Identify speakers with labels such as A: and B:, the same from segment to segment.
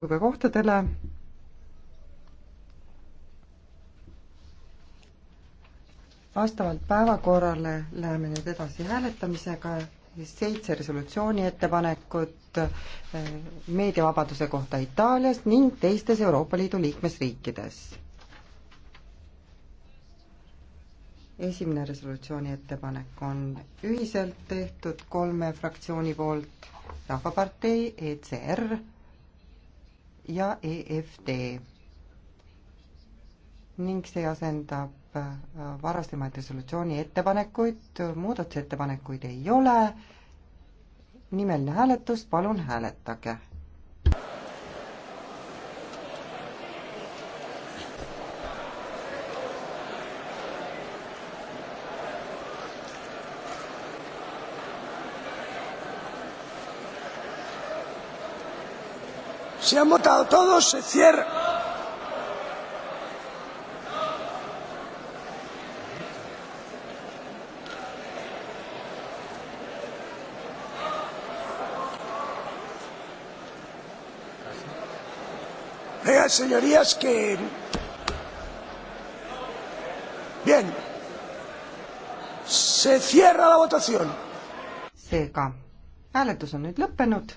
A: ka kohtadele. vastavalt päevakorrale läheme nüüd edasi hääletamisega, seitse resolutsiooni ettepanekut eh, meediavabaduse kohta Itaalias ning teistes Euroopa Liidu liikmesriikides. esimene resolutsiooni ettepanek on ühiselt tehtud kolme fraktsiooni poolt Rahvapartei, ECR, ja EFD ning see asendab äh, varasemaid resolutsiooni ettepanekuid, muudatusettepanekuid ei ole, nimeline hääletus, palun hääletage
B: Si han votado todos, se cierra. Vean, señorías, que. Bien. Se cierra la votación.
A: seega hääletus on nüüd lõppenud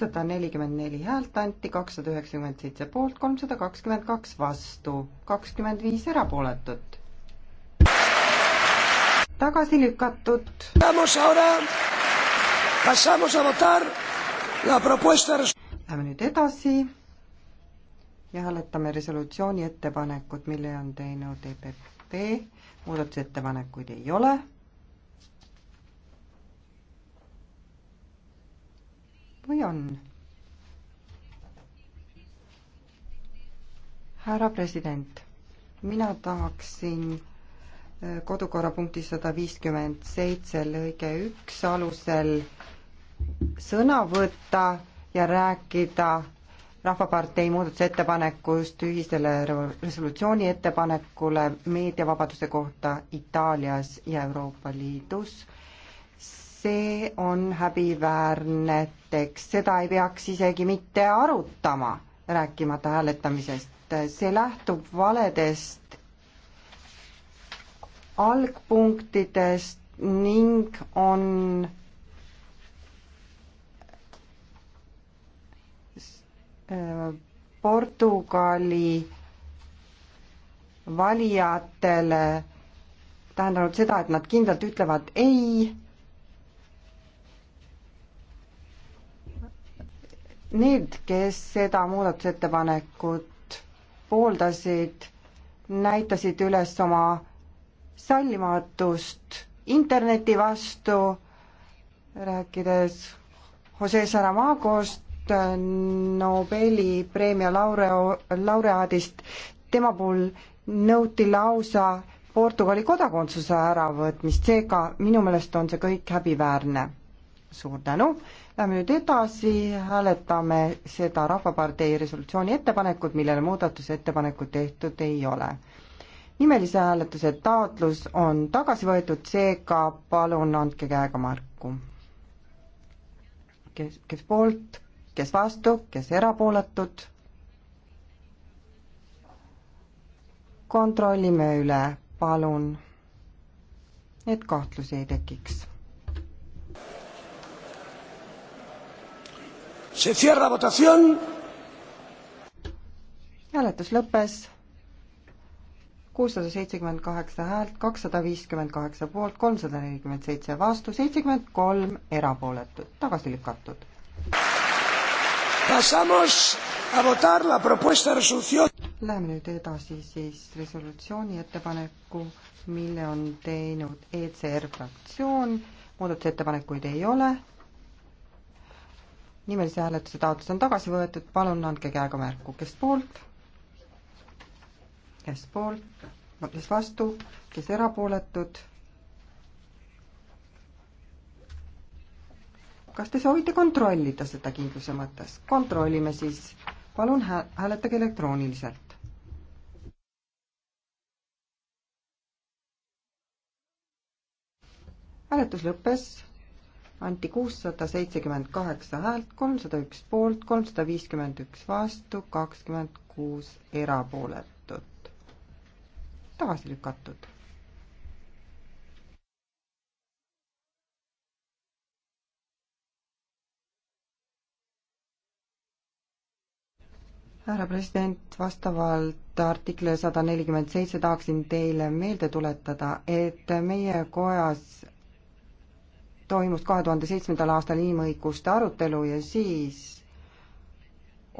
A: kuussada nelikümmend neli häält anti, kakssada üheksakümmend seitse poolt, kolmsada kakskümmend kaks vastu, kakskümmend viis erapooletut. tagasi
B: lükatud. Läheme nüüd edasi
A: ja hääletame resolutsiooni ettepanekut, mille on teinud EPP. muudatusettepanekuid ei ole või on? härra president, mina tahaksin äh, kodukorrapunkti sada viiskümmend seitse lõige üks alusel sõna võtta ja rääkida Rahvapartei muudatusettepanekust ühisele resolutsiooni ettepanekule meediavabaduse kohta Itaalias ja Euroopa Liidus see on häbiväärne tekst, seda ei peaks isegi mitte arutama, rääkimata hääletamisest. see lähtub valedest algpunktidest ning on Portugali valijatele tähendanud seda, et nad kindlalt ütlevad ei Need, kes seda muudatusettepanekut pooldasid, näitasid üles oma sallimatust interneti vastu, rääkides Jose Saramagost, Nobeli preemia laureo-, laureaadist, tema puhul nõuti lausa Portugali kodakondsuse äravõtmist, seega minu meelest on see kõik häbiväärne suur tänu. Lähme nüüd edasi, hääletame seda Rahvapartei resolutsiooni ettepanekut, millele muudatusettepanekuid tehtud ei ole. nimelise hääletuse taotlus on tagasi võetud, seega palun andke käega märku. kes, kes poolt, kes vastu, kes erapooletud? kontrollime üle, palun, et kahtlusi
B: ei tekiks Se cierra votación.
A: hääletus lõppes. kuussada seitsekümmend kaheksa häält, kakssada viiskümmend kaheksa poolt, kolmsada nelikümmend seitse vastu, seitsekümmend kolm erapooletut, tagasi lükatud.
B: Pasamos a votar la propuesta resolución.
A: Läheme nüüd edasi siis resolutsiooni ettepaneku, mille on teinud ECR fraktsioon. muudatusettepanekuid ei ole nimelise hääletuse taotlus on tagasi võetud, palun andke käega märku, kes poolt, kes poolt, kes vastu, kes erapooletud. kas te soovite kontrollida seda kindluse mõttes? kontrollime siis, palun hääletage elektrooniliselt. hääletus lõppes anti kuussada seitsekümmend kaheksa häält, kolmsada üks poolt, kolmsada viiskümmend üks vastu, kakskümmend kuus erapooletut. tagasi lükatud. härra president, vastavalt artiklile sada nelikümmend seitse tahaksin teile meelde tuletada, et meie kojas toimus kahe tuhande seitsmendal aastal inimõiguste arutelu ja siis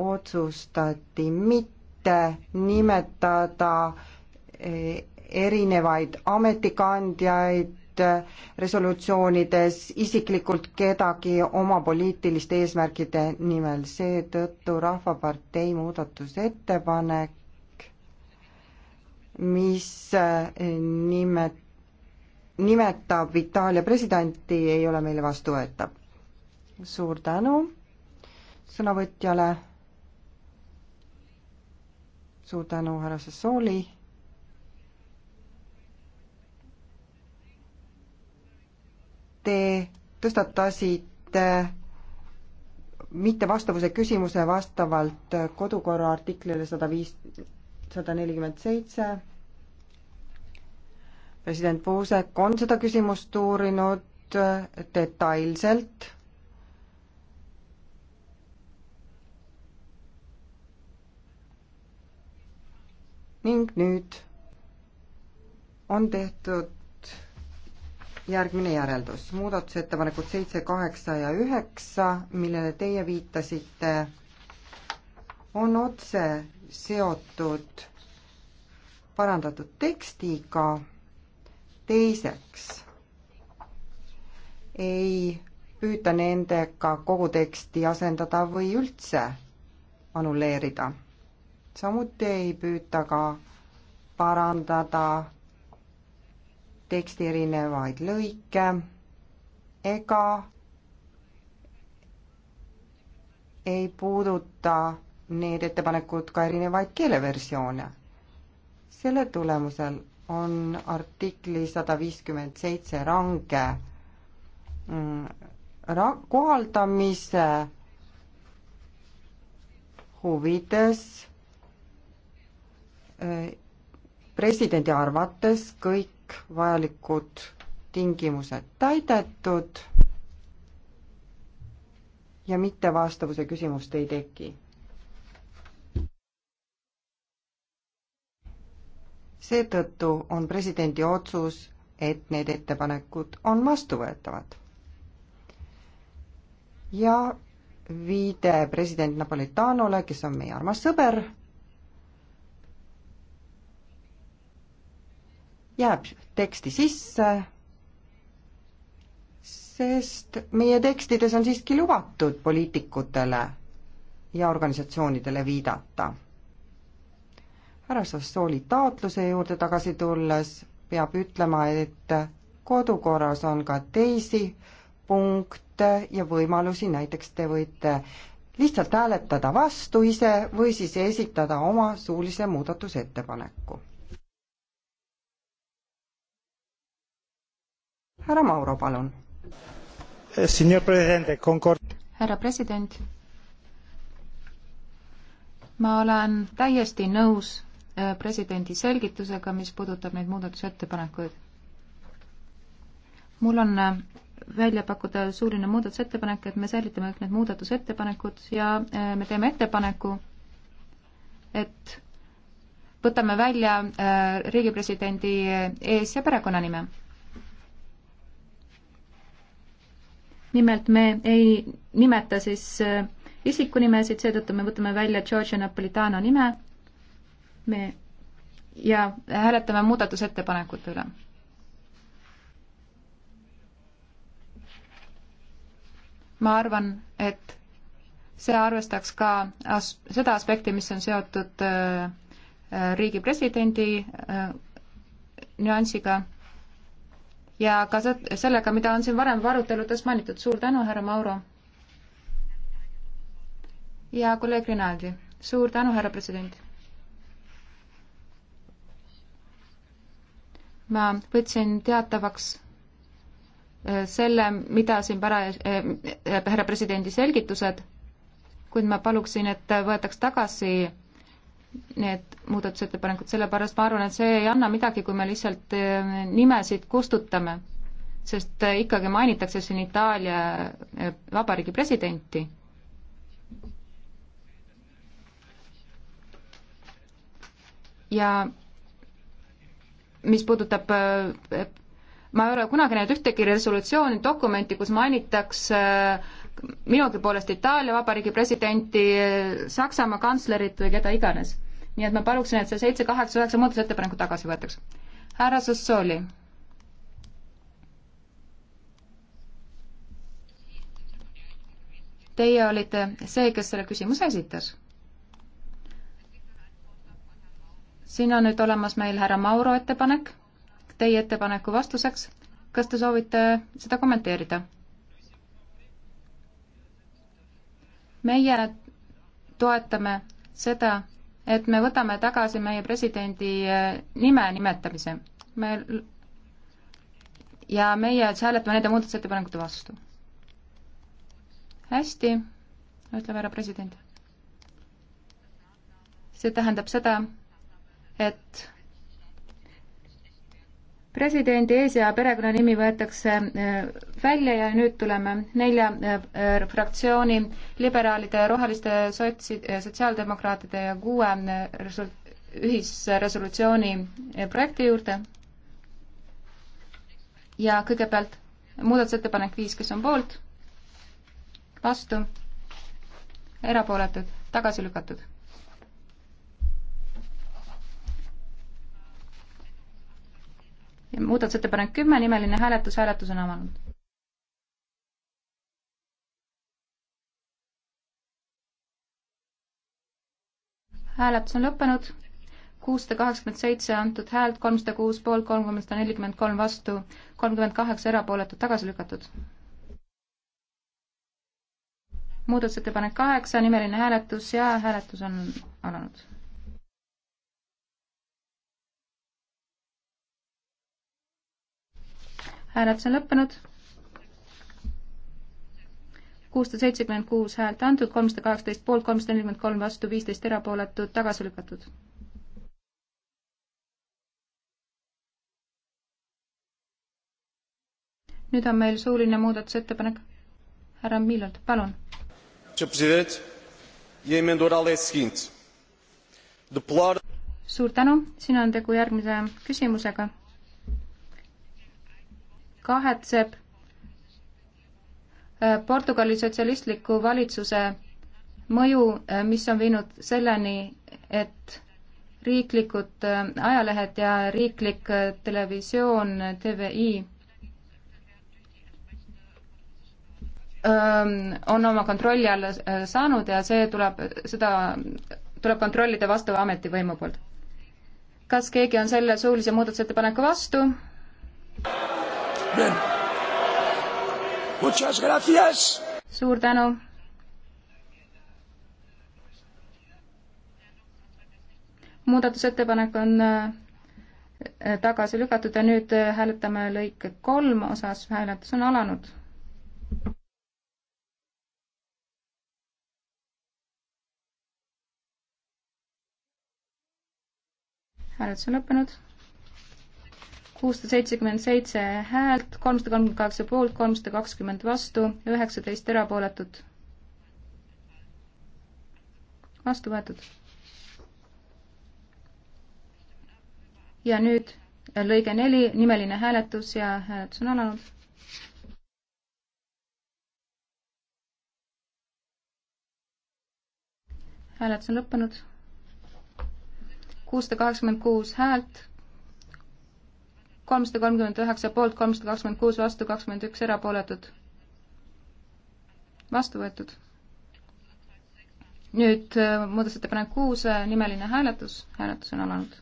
A: otsustati mitte nimetada eh, erinevaid ametikandjaid eh, resolutsioonides isiklikult kedagi oma poliitiliste eesmärkide nimel, seetõttu Rahvapartei muudatusettepanek, mis eh, nimet-, nimetab Itaalia presidenti, ei ole meile vastuvõetav. suur tänu sõnavõtjale, suur tänu härra Sassooli. Te tõstatasite mittevastavuse küsimuse vastavalt kodukorra artiklile sada viis, sada nelikümmend seitse president Puusek on seda küsimust uurinud äh, detailselt. ning nüüd on tehtud järgmine järeldus. muudatusettepanekud seitse, kaheksa ja üheksa, millele teie viitasite, on otse seotud parandatud tekstiga teiseks ei püüta nendega kogu teksti asendada või üldse annuleerida. samuti ei püüta ka parandada teksti erinevaid lõike ega ei puuduta need ettepanekud ka erinevaid keeleversioone. selle tulemusel on artikli sada viiskümmend seitse range mm, ra-, kohaldamise huvides eh, presidendi arvates kõik vajalikud tingimused täidetud ja mittevastavuse küsimust ei teki seetõttu on presidendi otsus, et need ettepanekud on vastuvõetavad. ja viide president Napolitanole, kes on meie armas sõber, jääb teksti sisse, sest meie tekstides on siiski lubatud poliitikutele ja organisatsioonidele viidata härra Sassooli taotluse juurde tagasi tulles peab ütlema, et kodukorras on ka teisi punkte ja võimalusi, näiteks te võite lihtsalt hääletada vastu ise või siis esitada oma suulise muudatusettepaneku. härra Mauro, palun.
C: härra president, ma olen täiesti nõus Äh, presidendi selgitusega, mis puudutab neid muudatusettepanekuid. mul on äh, välja pakkuda suuline muudatusettepanek, et me säilitame kõik need muudatusettepanekud ja äh, me teeme ettepaneku, et võtame välja riigipresidendi ees- ja perekonnanime. nimelt me ei nimeta siis isikunimesid, seetõttu me võtame välja Georgia Napolitano nime me ja hääletame muudatusettepanekute üle. ma arvan, et see arvestaks ka as-, seda aspekti, mis on seotud äh, äh riigi presidendi äh, nüansiga ja ka sellega, mida on siin varem aruteludes mainitud. suur tänu, härra Mauro. ja kolleeg Rinaldi. suur tänu, härra president ma võtsin teatavaks äh, selle, mida siin para- äh, äh,, härra presidendi selgitused, kuid ma paluksin, et võetaks tagasi need muudatusettepanekud, sellepärast ma arvan, et see ei anna midagi, kui me lihtsalt äh, nimesid kustutame, sest ikkagi mainitakse siin Itaalia vabariigi presidenti. ja mis puudutab äh, ma ei ole kunagi näinud ühtegi resolutsiooni, dokumenti, kus mainitakse äh, minugi poolest Itaalia Vabariigi presidenti, äh, Saksamaa kantslerit või keda iganes. nii et ma paluksin, et see seitse, kaheksa, üheksa muudatusettepanekut tagasi võetaks. härra Sassooli. Teie olite see, kes selle küsimuse esitas siin on nüüd olemas meil härra Mauro ettepanek teie ettepaneku vastuseks. kas te soovite seda kommenteerida? meie toetame seda, et me võtame tagasi meie presidendi eh, nime nimetamise. me ja meie hääletame nende muudatusettepanekute vastu. hästi, ütleb härra president. see tähendab seda, et presidendi ees- ja perekonnanimi võetakse äh, välja ja nüüd tuleme nelja äh, fraktsiooni, liberaalide, roheliste, sotsid, äh, sotsiaaldemokraatide ja kuue ühisresolutsiooni projekti juurde. ja kõigepealt muudatusettepanek viis, kes on poolt, vastu, erapooletud, tagasi lükatud muudatusettepanek kümme, nimeline hääletus, hääletus on avanud. hääletus on lõppenud, kuussada kaheksakümmend seitse antud häält, kolmsada kuus poolt, kolmkümmend nelikümmend kolm vastu, kolmkümmend kaheksa erapooletut tagasi lükatud. muudatusettepanek kaheksa, nimeline hääletus ja hääletus on alanud hääletus on lõppenud. kuussada seitsekümmend kuus häält antud, kolmsada kaheksateist poolt, kolmsada nelikümmend kolm vastu, viisteist erapooletut, tagasi lükatud. nüüd on meil suuline muudatusettepanek. härra Millard, palun. E suur tänu, siin on tegu järgmise küsimusega kahetseb äh, Portugali sotsialistliku valitsuse mõju, äh, mis on viinud selleni, et riiklikud äh, ajalehed ja riiklik televisioon TVI ähm, on oma kontrolli alla saanud ja see tuleb, seda tuleb kontrollida vastava ametivõimu poolt. kas keegi on selle suulise muudatusettepaneku vastu? suur tänu. muudatusettepanek on äh, tagasi lükatud ja nüüd äh, hääletame lõike kolm osas, hääletus on alanud. hääletus on lõppenud kuussada seitsekümmend seitse häält, kolmsada kolmkümmend kaheksa poolt, kolmsada kakskümmend vastu, üheksateist erapooletut. vastu võetud. ja nüüd äh, lõige neli, nimeline hääletus ja hääletus on alanud hääletus on lõppenud. kuussada kaheksakümmend kuus häält, kolmsada kolmkümmend üheksa poolt, kolmsada kakskümmend kuus vastu, kakskümmend üks erapooletud. vastu võetud. nüüd äh, muudatusettepanek kuus, äh, nimeline hääletus, hääletus on alanud.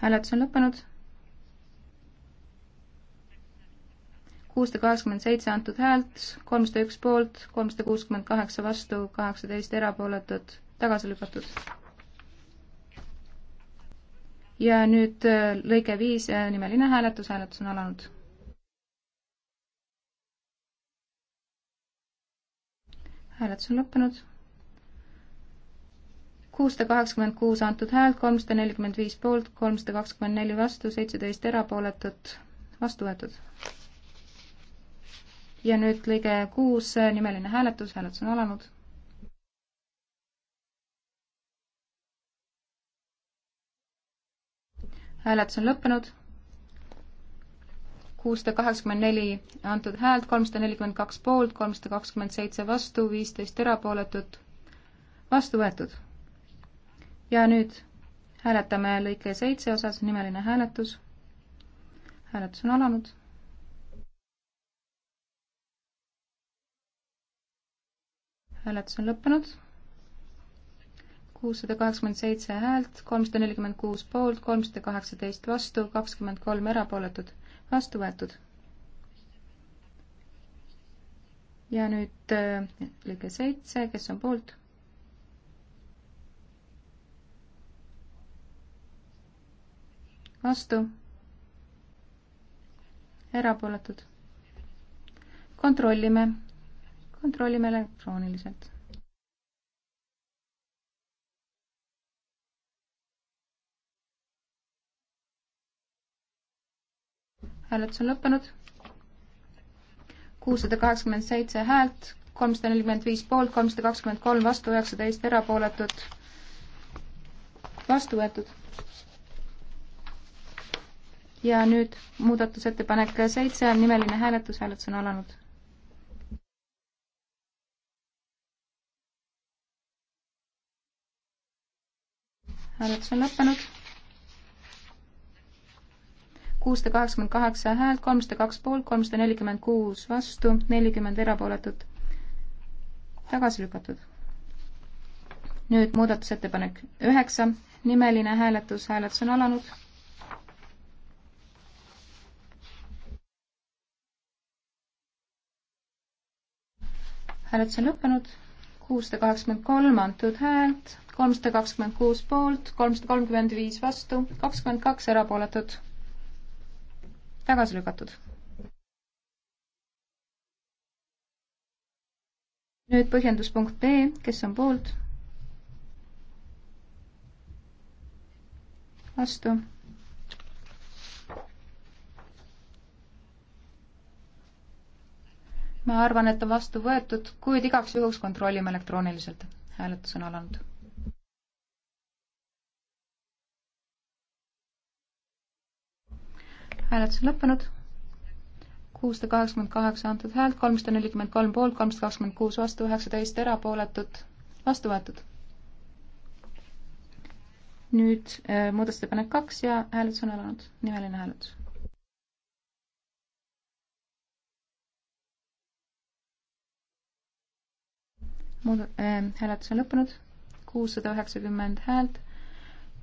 C: hääletus on lõppenud. kuussada kaheksakümmend seitse antud häält, kolmsada üks poolt, kolmsada kuuskümmend kaheksa vastu, kaheksateist erapooletut, tagasi lükatud ja nüüd äh, lõige viis äh, nimeline hääletus, hääletus on alanud. hääletus on lõppenud. kuussada kaheksakümmend kuus antud häält, kolmsada nelikümmend viis poolt, kolmsada kakskümmend neli vastu, seitseteist erapooletut, vastu võetud. ja nüüd lõige kuus, äh, nimeline hääletus, hääletus on alanud hääletus on lõppenud. kuussada kaheksakümmend neli antud häält, kolmsada nelikümmend kaks poolt, kolmsada kakskümmend seitse vastu, viisteist erapooletut, vastu võetud. ja nüüd hääletame lõike seitse osas, nimeline hääletus. hääletus on alanud hääletus on lõppenud kuussada kaheksakümmend seitse häält, kolmsada nelikümmend kuus poolt, kolmsada kaheksateist vastu, kakskümmend kolm erapooletut. vastu võetud. ja nüüd äh, lõige seitse, kes on poolt? vastu. erapooletud. kontrollime, kontrollime elektrooniliselt hääletus on lõppenud. kuussada kaheksakümmend seitse häält, kolmsada nelikümmend viis poolt, kolmsada kakskümmend kolm vastu, üheksateist erapooletut. vastu võetud. ja nüüd muudatusettepanek seitse, nimeline hääletus, hääletus on alanud. hääletus on lõppenud kuussada kaheksakümmend kaheksa häält, kolmsada kaks poolt, kolmsada nelikümmend kuus vastu, nelikümmend erapooletut. tagasi lükatud. nüüd muudatusettepanek üheksa, nimeline hääletus, hääletus on alanud. hääletus on lõppenud, kuussada kaheksakümmend kolm antud häält, kolmsada kakskümmend kuus poolt, kolmsada kolmkümmend viis vastu, kakskümmend kaks erapooletut tagasi lükatud. nüüd põhjenduspunkt B, kes on poolt? vastu. ma arvan, et on vastu võetud, kuid igaks juhuks kontrollime elektrooniliselt. hääletus on alanud hääletus on lõppenud. kuussada kaheksakümmend kaheksa antud häält, kolmsada nelikümmend kolm poolt, kolmsada kakskümmend kuus vastu, üheksateist erapooletut, vastu võetud. nüüd äh, muudatusettepanek kaks ja hääletus on alanud, nimeline hääletus muud- äh,, hääletus on lõppenud, kuussada üheksakümmend häält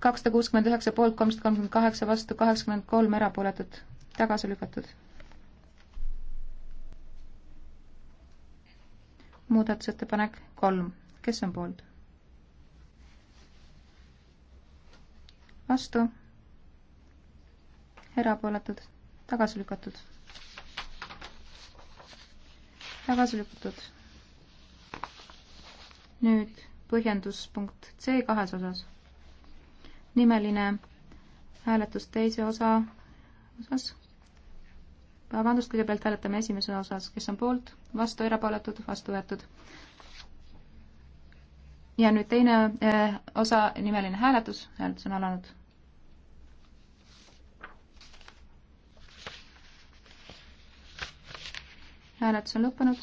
C: kakssada kuuskümmend üheksa poolt, kolmsada kolmkümmend kaheksa vastu, kaheksakümmend kolm erapooletut, tagasi lükatud. muudatusettepanek kolm, kes on poolt? vastu, erapooletud, tagasi lükatud. tagasi lükatud. nüüd põhjendus punkt C kahes osas nimeline hääletus teise osa osas. vabandust, kõigepealt hääletame esimese osas, kes on poolt, vastu, erapooletud, vastu võetud. ja nüüd teine äh, osa, nimeline hääletus, hääletus on alanud. hääletus on lõppenud.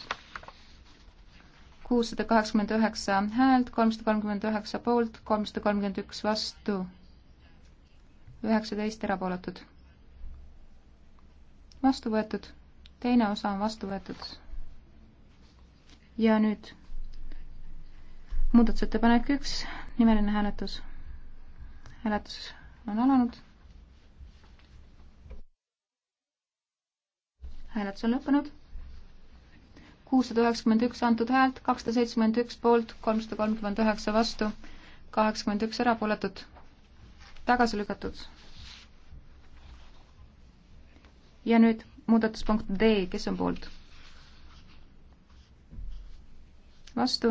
C: kuussada kaheksakümmend üheksa häält, kolmsada kolmkümmend üheksa poolt, kolmsada kolmkümmend üks vastu üheksateist erapooletud. vastu võetud, teine osa on vastu võetud. ja nüüd muudatusettepanek üks, nimeline hääletus. hääletus on alanud. hääletus on lõppenud. kuussada üheksakümmend üks antud häält, kakssada seitsekümmend üks poolt, kolmsada kolmkümmend üheksa vastu, kaheksakümmend üks erapooletut tagasi lükatud. ja nüüd muudatuspunkt D, kes on poolt? vastu?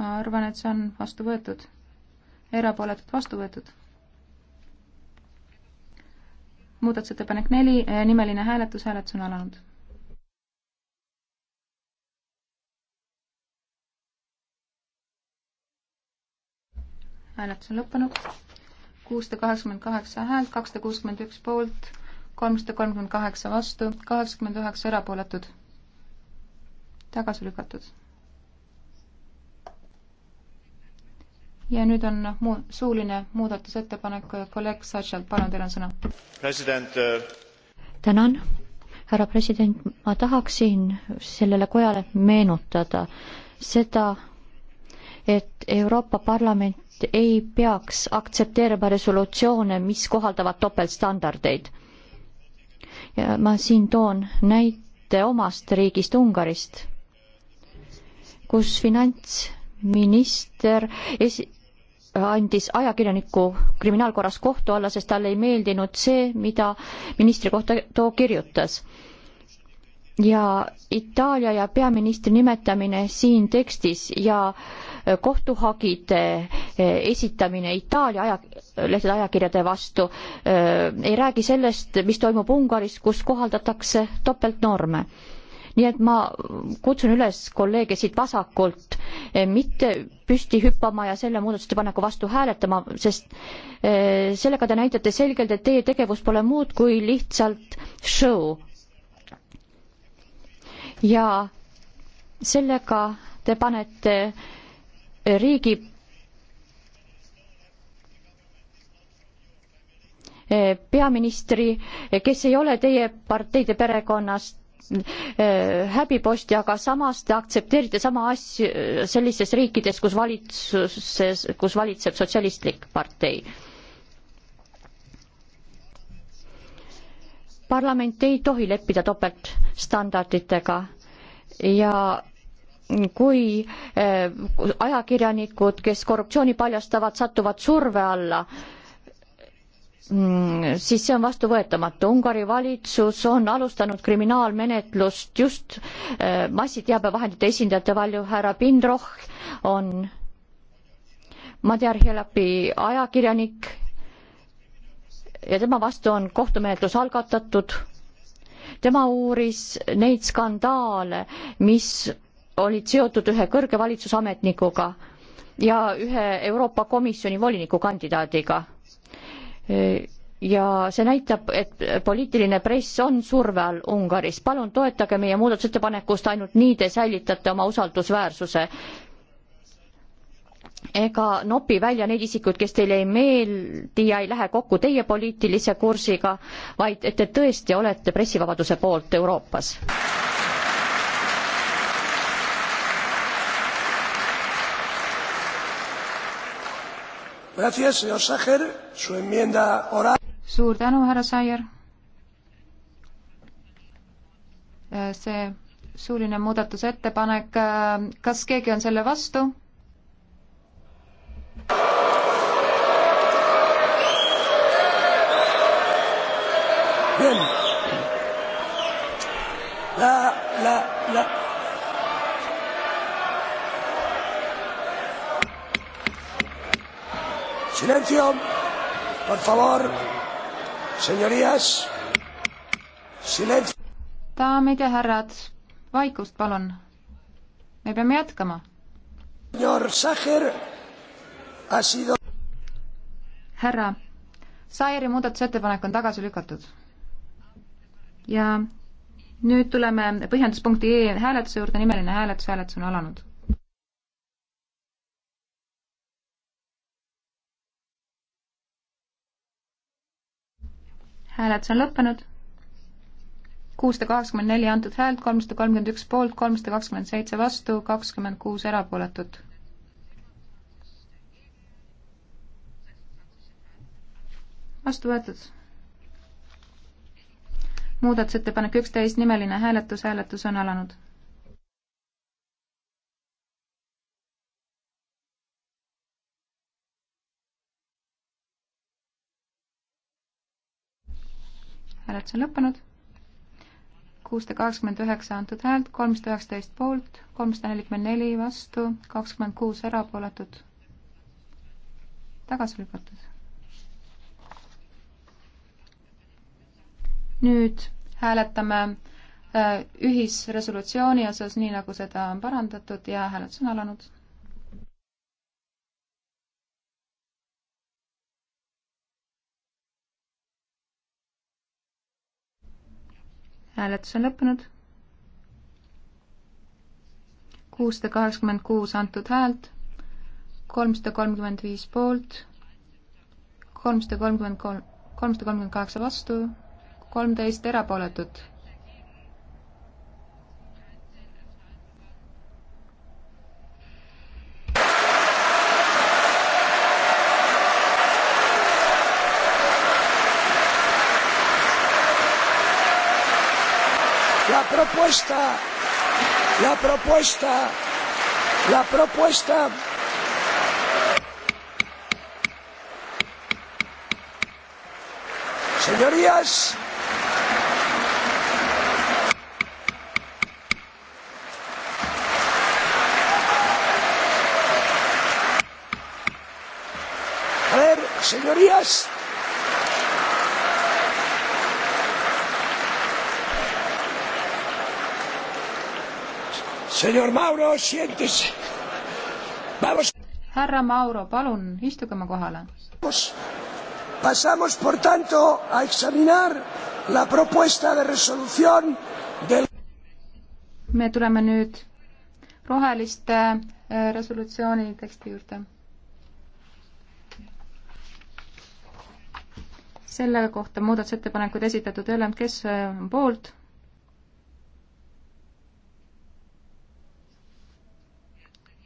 C: ma arvan, et see on vastu võetud. erapooletult vastu võetud. muudatusettepanek neli, eh, nimeline hääletus, hääletus on alanud hääletus on lõppenud. kuussada kaheksakümmend kaheksa häält, kakssada kuuskümmend üks poolt, kolmsada kolmkümmend kaheksa vastu, kaheksakümmend üheksa erapooletud. tagasi lükatud. ja nüüd on muu-, suuline
D: muudatusettepanek kolleeg Satšalt, palun, teil on sõna.
B: president uh...
D: tänan, härra president, ma tahaksin sellele kojale meenutada seda, et Euroopa Parlament ei peaks aktsepteerima resolutsioone, mis kohaldavad topeltstandardeid. ja ma siin toon näite omast riigist Ungarist, kus finantsminister esi-, andis ajakirjaniku kriminaalkorras kohtu alla, sest talle ei meeldinud see, mida ministri kohta too kirjutas. ja Itaalia ja peaministri nimetamine siin tekstis ja äh, kohtuhagide eh, esitamine Itaalia ajalehtede ajakirjade vastu eh, ei räägi sellest, mis toimub Ungaris, kus kohaldatakse topeltnorme nii et ma kutsun üles kolleege siit vasakult eh, mitte püsti hüppama ja selle muudatusettepaneku vastu hääletama, sest sellega te näitate selgelt, et teie tegevus pole muud kui lihtsalt show. ja sellega te panete riigi peaministri, kes ei ole teie parteide perekonnast, eh, häbiposti, aga samas te aktsepteerite sama asju sellistes riikides, kus valitsuses, kus valitseb sotsialistlik partei. parlament ei tohi leppida topeltstandarditega ja kui eh, ajakirjanikud, kes korruptsiooni paljastavad, satuvad surve alla, mm, siis see on vastuvõetamatu. Ungari valitsus on alustanud kriminaalmenetlust just eh, massiteabevahendite esindajate valju, härra Pindroh on Madjar Helapi ajakirjanik ja tema vastu on kohtumenetlus algatatud. tema uuris neid skandaale, mis olid seotud ühe kõrge valitsusametnikuga ja ühe Euroopa Komisjoni voliniku kandidaadiga. ja see näitab, et poliitiline press on surve all Ungaris. palun toetage meie muudatusettepanekust, ainult nii te säilitate oma usaldusväärsuse ega nopi välja neid isikuid, kes teile ei meeldi ja ei lähe kokku teie poliitilise kursiga, vaid et te tõesti olete pressivabaduse poolt Euroopas.
C: suur tänu, härra Saier. Äh, see suuline muudatusettepanek, äh, kas keegi on selle vastu?
B: La, la Silencio, por favor. Señorías, silencio.
C: daamid ja härrad, vaikust palun. me peame jätkama. Sido... härra, Sairi muudatusettepanek on tagasi lükatud. ja nüüd tuleme põhjenduspunkti E hääletuse juurde, nimeline hääletus, hääletus on alanud hääletus on lõppenud. kuussada kaheksakümmend neli antud häält, kolmsada kolmkümmend üks poolt, kolmsada kakskümmend seitse vastu, kakskümmend kuus erapooletut. vastu võetud. muudatusettepanek üksteist, nimeline hääletus, hääletus on alanud hääletus on lõppenud. kuussada kaheksakümmend üheksa antud häält, kolmsada üheksateist poolt, kolmsada nelikümmend neli vastu, kakskümmend kuus erapooletut. tagasi lükatud. nüüd hääletame äh, ühisresolutsiooni osas, nii nagu seda on parandatud ja hääletus on alanud hääletus on lõppenud. kuussada kaheksakümmend kuus antud häält, kolmsada kolmkümmend viis poolt, kolmsada kolmkümmend kolm, kolmsada kolmkümmend kaheksa vastu, kolmteist erapooletut
B: propuesta, la propuesta, la propuesta. Señorías, a ver, señorías. Senor Mauro, siéntese. Vamos.
C: härra Mauro, palun istuge oma kohale.
B: Pasamos, por tanto, a examinar la propuesta de resolución del.
C: me tuleme nüüd roheliste äh, resolutsiooni teksti juurde. selle kohta muudatusettepanekuid esitatud ei ole, kes äh, on poolt?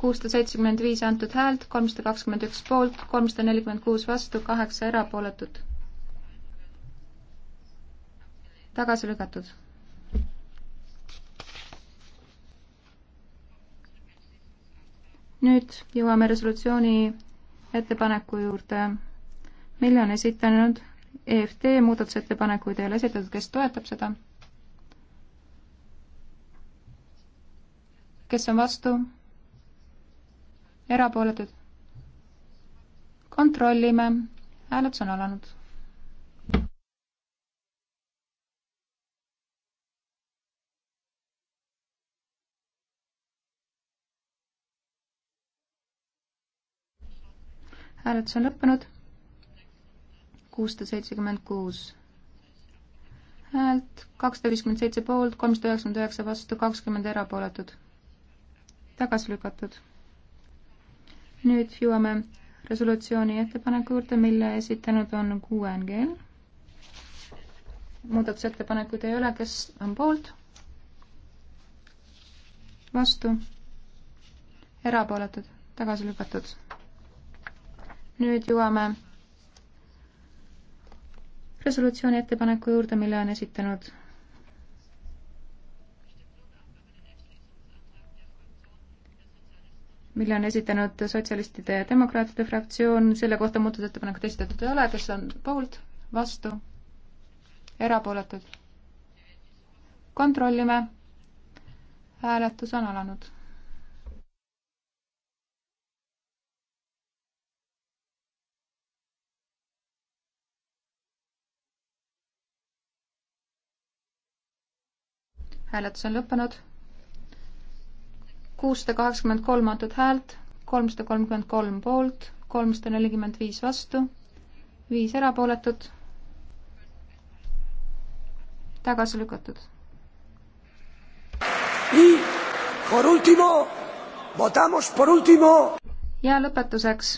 C: kuussada seitsekümmend viis antud häält, kolmsada kakskümmend üks poolt, kolmsada nelikümmend kuus vastu, kaheksa erapooletut. tagasi lükatud. nüüd jõuame resolutsiooni ettepaneku juurde, mille on esitanud EFT, muudatusettepanekuid ei ole esitatud, kes toetab seda? kes on vastu? erapooletud. kontrollime, hääletus on alanud. hääletus on lõppenud. kuussada seitsekümmend kuus häält, kakssada viiskümmend seitse poolt, kolmsada üheksakümmend üheksa vastu, kakskümmend erapooletut. tagasi lükatud nüüd jõuame resolutsiooni ettepaneku juurde, mille esitanud on QNGL. muudatusettepanekuid ei ole, kes on poolt? vastu? erapooletud? tagasi lükatud? nüüd jõuame resolutsiooni ettepaneku juurde, mille on esitanud mille on esitanud Sotsialistide ja Demokraatide fraktsioon, selle kohta muudatusettepanekut esitatud ei ole, kes on poolt, vastu, erapooletud? kontrollime, hääletus on alanud. hääletus on lõppenud kuussada kaheksakümmend kolm antud häält, kolmsada kolmkümmend kolm poolt, kolmsada nelikümmend viis vastu, viis
B: erapooletut,
C: tagasi lükatud. ja lõpetuseks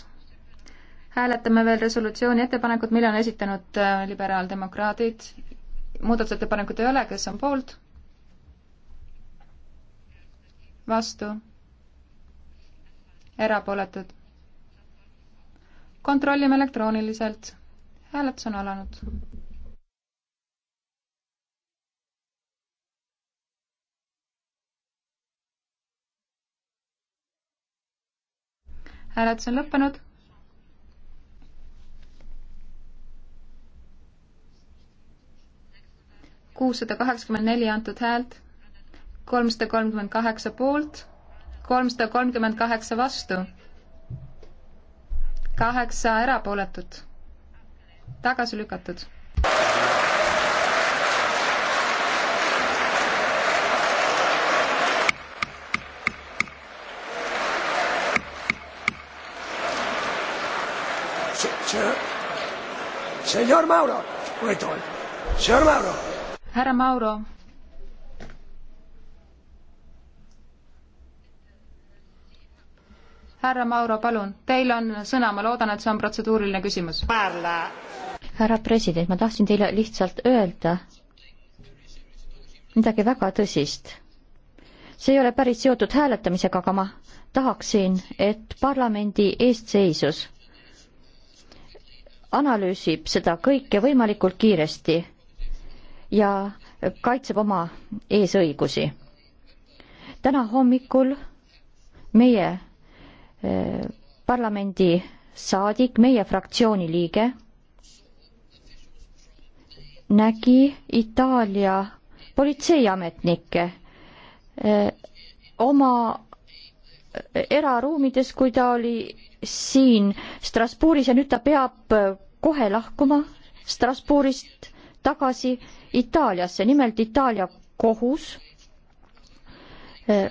C: hääletame veel resolutsiooni ettepanekut, mille on esitanud äh, liberaaldemokraadid. muudatusettepanekut ei ole, kes on poolt? vastu, erapooletud. kontrollime elektrooniliselt. hääletus on alanud. hääletus on lõppenud. kuussada kaheksakümmend neli antud häält kolmsada kolmkümmend kaheksa poolt, kolmsada kolmkümmend kaheksa vastu, kaheksa erapooletut, tagasi lükatud.
B: Señor Mauro, señor Mauro.
C: härra Mauro härra Mauro, palun, teil on sõna, ma loodan, et see on protseduuriline küsimus.
D: härra president, ma tahtsin teile lihtsalt öelda midagi väga tõsist. see ei ole päris seotud hääletamisega, aga ma tahaksin, et parlamendi eestseisus analüüsib seda kõike võimalikult kiiresti ja kaitseb oma eesõigusi. täna hommikul meie parlamendi saadik, meie fraktsiooni liige, nägi Itaalia politseiametnikke eh, oma eraruumides, kui ta oli siin Strasbourgis ja nüüd ta peab eh, kohe lahkuma Strasbourgist tagasi Itaaliasse, nimelt Itaalia kohus eh,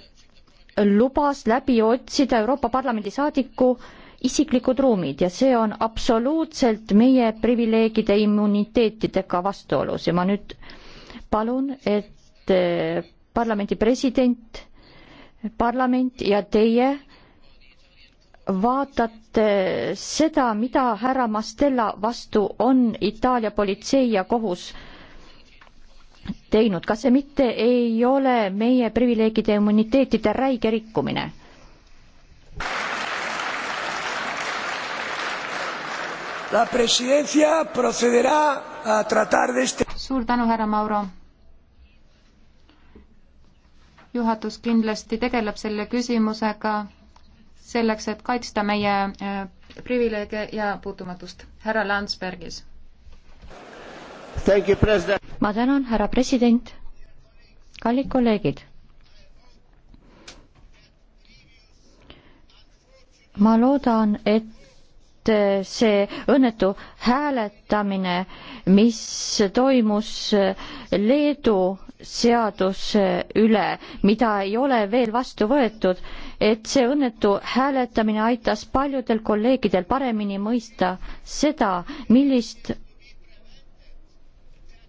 D: lubas läbi otsida Euroopa Parlamendi saadiku isiklikud ruumid ja see on absoluutselt meie privileegide immuniteetidega vastuolus ja ma nüüd palun, et eh, parlamendi president, parlament ja teie vaatate seda, mida härra Mastella vastu on Itaalia politsei ja kohus teinud, kas see mitte ei ole meie privileegide ja immuniteetide räige rikkumine?
B: La presidencia procederá a tratar de este...
C: suur tänu, härra Mauro. juhatus kindlasti tegeleb selle küsimusega selleks, et kaitsta meie eh, privileege ja puutumatust. härra Landsbergis
D: ma tänan, härra president. kallid kolleegid. ma loodan, et see õnnetu hääletamine, mis toimus Leedu seaduse üle, mida ei ole veel vastu võetud, et see õnnetu hääletamine aitas paljudel kolleegidel paremini mõista seda, millist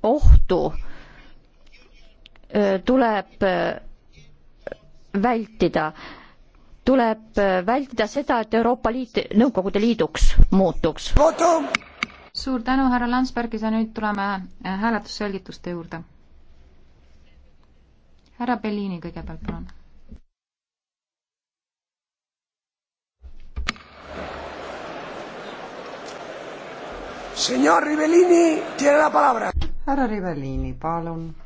D: ohtu tuleb vältida, tuleb vältida seda, et Euroopa Liit Nõukogude Liiduks muutuks. suur tänu,
C: härra Landsbergis ja nüüd tuleme äh, hääletusselgituste juurde. härra Bellini kõigepealt, palun.
B: Señor
A: Rivellini, tiene la palabra härra Rivelini, palun